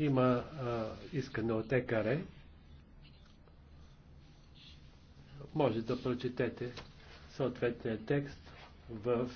Има а, искане от ЕКАРЕ. Може да прочетете съответния текст в